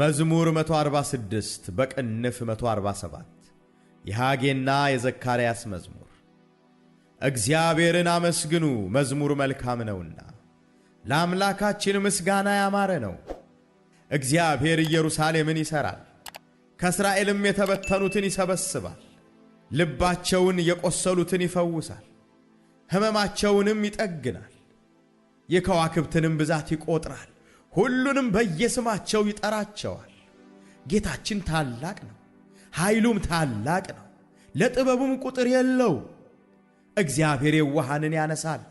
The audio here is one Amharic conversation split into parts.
መዝሙር 146 በቅንፍ 147 የሐጌና የዘካርያስ መዝሙር። እግዚአብሔርን አመስግኑ፣ መዝሙር መልካም ነውና፣ ለአምላካችን ምስጋና ያማረ ነው። እግዚአብሔር ኢየሩሳሌምን ይሠራል፣ ከእስራኤልም የተበተኑትን ይሰበስባል። ልባቸውን የቈሰሉትን ይፈውሳል፣ ሕመማቸውንም ይጠግናል፣ የከዋክብትንም ብዛት ይቈጥራል። ሁሉንም በየስማቸው ይጠራቸዋል። ጌታችን ታላቅ ነው፣ ኃይሉም ታላቅ ነው፣ ለጥበቡም ቁጥር የለው። እግዚአብሔር የዋሃንን ያነሳል፣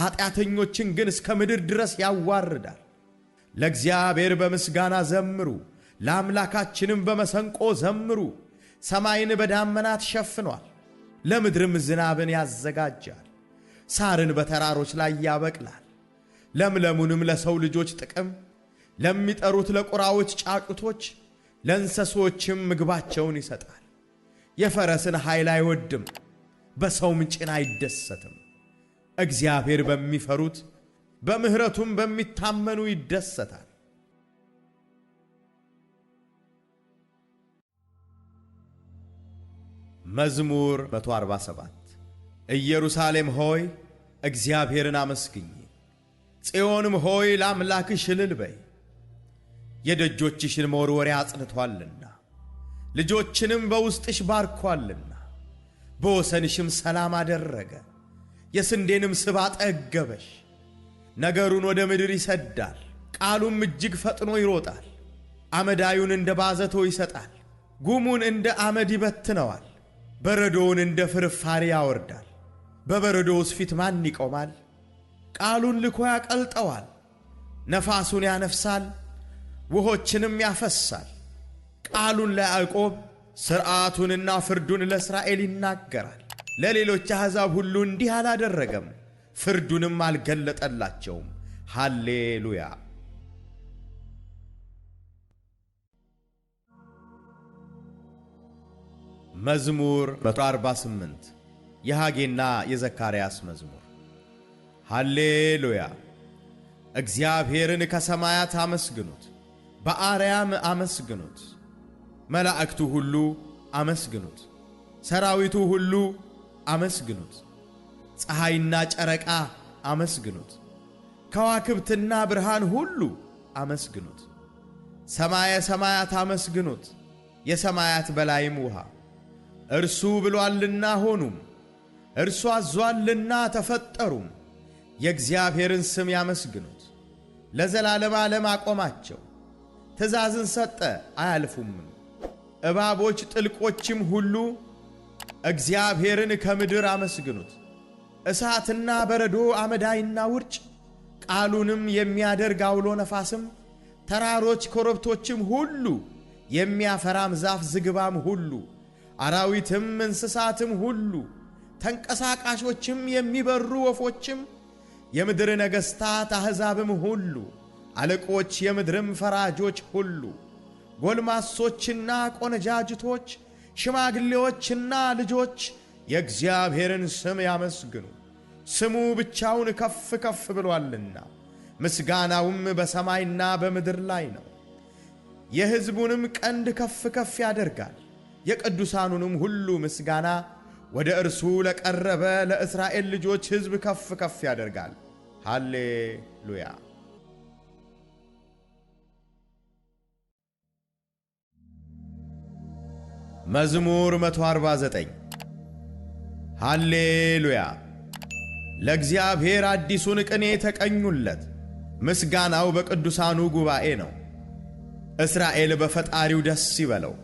ኃጢአተኞችን ግን እስከ ምድር ድረስ ያዋርዳል። ለእግዚአብሔር በምስጋና ዘምሩ፣ ለአምላካችንም በመሰንቆ ዘምሩ። ሰማይን በዳመናት ሸፍኗል፣ ለምድርም ዝናብን ያዘጋጃል፣ ሳርን በተራሮች ላይ ያበቅላል። ለምለሙንም ለሰው ልጆች ጥቅም ለሚጠሩት ለቁራዎች ጫጩቶች ለእንሰሶችም ምግባቸውን ይሰጣል። የፈረስን ኃይል አይወድም፣ በሰውም ጭን አይደሰትም። እግዚአብሔር በሚፈሩት በምሕረቱም በሚታመኑ ይደሰታል። መዝሙር 147 ኢየሩሳሌም ሆይ እግዚአብሔርን አመስግኝ ጽዮንም ሆይ ለአምላክሽ እልል በይ፣ የደጆችሽን መወርወሪያ አጽንቷልና ልጆችንም በውስጥሽ ባርኳልና በወሰንሽም ሰላም አደረገ፣ የስንዴንም ስብ አጠገበሽ። ነገሩን ወደ ምድር ይሰዳል፣ ቃሉም እጅግ ፈጥኖ ይሮጣል። አመዳዩን እንደ ባዘቶ ይሰጣል፣ ጉሙን እንደ አመድ ይበትነዋል፣ በረዶውን እንደ ፍርፋሪ ያወርዳል። በበረዶውስ ፊት ማን ይቆማል? ቃሉን ልኮ ያቀልጠዋል፣ ነፋሱን ያነፍሳል፣ ውሆችንም ያፈሳል። ቃሉን ለያዕቆብ ሥርዓቱንና ፍርዱን ለእስራኤል ይናገራል። ለሌሎች አሕዛብ ሁሉ እንዲህ አላደረገም፣ ፍርዱንም አልገለጠላቸውም። ሃሌሉያ። መዝሙር 148 የሐጌና የዘካርያስ መዝሙር ሃሌሉያ! እግዚአብሔርን ከሰማያት አመስግኑት፣ በአርያም አመስግኑት። መላእክቱ ሁሉ አመስግኑት፣ ሰራዊቱ ሁሉ አመስግኑት። ፀሐይና ጨረቃ አመስግኑት፣ ከዋክብትና ብርሃን ሁሉ አመስግኑት። ሰማየ ሰማያት አመስግኑት፣ የሰማያት በላይም ውሃ። እርሱ ብሏልና ሆኑም፣ እርሱ አዟልና ተፈጠሩም። የእግዚአብሔርን ስም ያመስግኑት፣ ለዘላለም ዓለም አቆማቸው። ትእዛዝን ሰጠ አያልፉምም። እባቦች ጥልቆችም ሁሉ እግዚአብሔርን ከምድር አመስግኑት። እሳትና በረዶ አመዳይና ውርጭ ቃሉንም የሚያደርግ አውሎ ነፋስም ተራሮች ኮረብቶችም ሁሉ የሚያፈራም ዛፍ ዝግባም ሁሉ አራዊትም እንስሳትም ሁሉ ተንቀሳቃሾችም የሚበሩ ወፎችም የምድር ነገሥታት አሕዛብም ሁሉ፣ አለቆች፣ የምድርም ፈራጆች ሁሉ፣ ጎልማሶችና ቆነጃጅቶች፣ ሽማግሌዎችና ልጆች የእግዚአብሔርን ስም ያመስግኑ፤ ስሙ ብቻውን ከፍ ከፍ ብሎአልና፣ ምስጋናውም በሰማይና በምድር ላይ ነው። የሕዝቡንም ቀንድ ከፍ ከፍ ያደርጋል፣ የቅዱሳኑንም ሁሉ ምስጋና ወደ እርሱ ለቀረበ ለእስራኤል ልጆች ሕዝብ ከፍ ከፍ ያደርጋል። ሃሌሉያ! መዝሙር 149 ሃሌሉያ! ለእግዚአብሔር አዲሱን ቅኔ ተቀኙለት፣ ምስጋናው በቅዱሳኑ ጉባኤ ነው። እስራኤል በፈጣሪው ደስ ይበለው።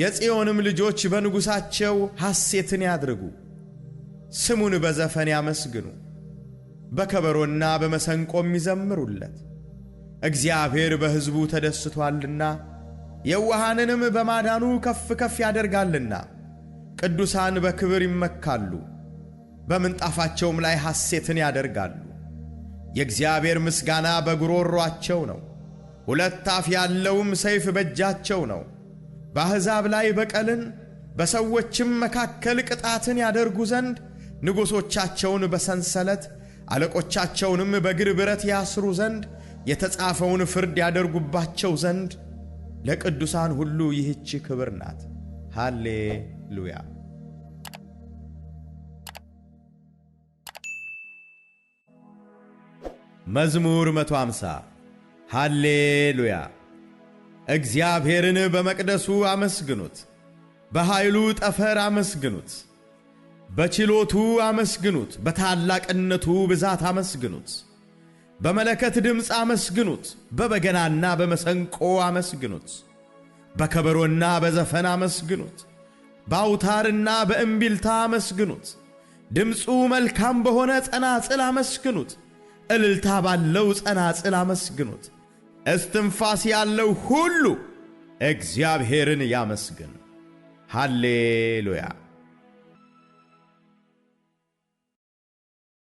የጽዮንም ልጆች በንጉሣቸው ሐሴትን ያድርጉ፣ ስሙን በዘፈን ያመስግኑ፣ በከበሮና በመሰንቆም ይዘምሩለት። እግዚአብሔር በሕዝቡ ተደስቶአልና የዋሃንንም በማዳኑ ከፍ ከፍ ያደርጋልና። ቅዱሳን በክብር ይመካሉ፣ በምንጣፋቸውም ላይ ሐሴትን ያደርጋሉ። የእግዚአብሔር ምስጋና በጉሮሮአቸው ነው፣ ሁለት አፍ ያለውም ሰይፍ በእጃቸው ነው። በአሕዛብ ላይ በቀልን በሰዎችም መካከል ቅጣትን ያደርጉ ዘንድ ንጉሶቻቸውን በሰንሰለት አለቆቻቸውንም በግር ብረት ያስሩ ዘንድ የተጻፈውን ፍርድ ያደርጉባቸው ዘንድ ለቅዱሳን ሁሉ ይህች ክብር ናት። ሃሌ ሉያ። መዝሙር 150 ሃሌ ሉያ እግዚአብሔርን በመቅደሱ አመስግኑት፣ በኃይሉ ጠፈር አመስግኑት። በችሎቱ አመስግኑት፣ በታላቅነቱ ብዛት አመስግኑት። በመለከት ድምፅ አመስግኑት፣ በበገናና በመሰንቆ አመስግኑት። በከበሮና በዘፈን አመስግኑት፣ በአውታርና በእምቢልታ አመስግኑት። ድምፁ መልካም በሆነ ጸናጽል አመስግኑት፣ እልልታ ባለው ጸናጽል አመስግኑት። እስትንፋስ ያለው ሁሉ እግዚአብሔርን ያመስግን። ሃሌሉያ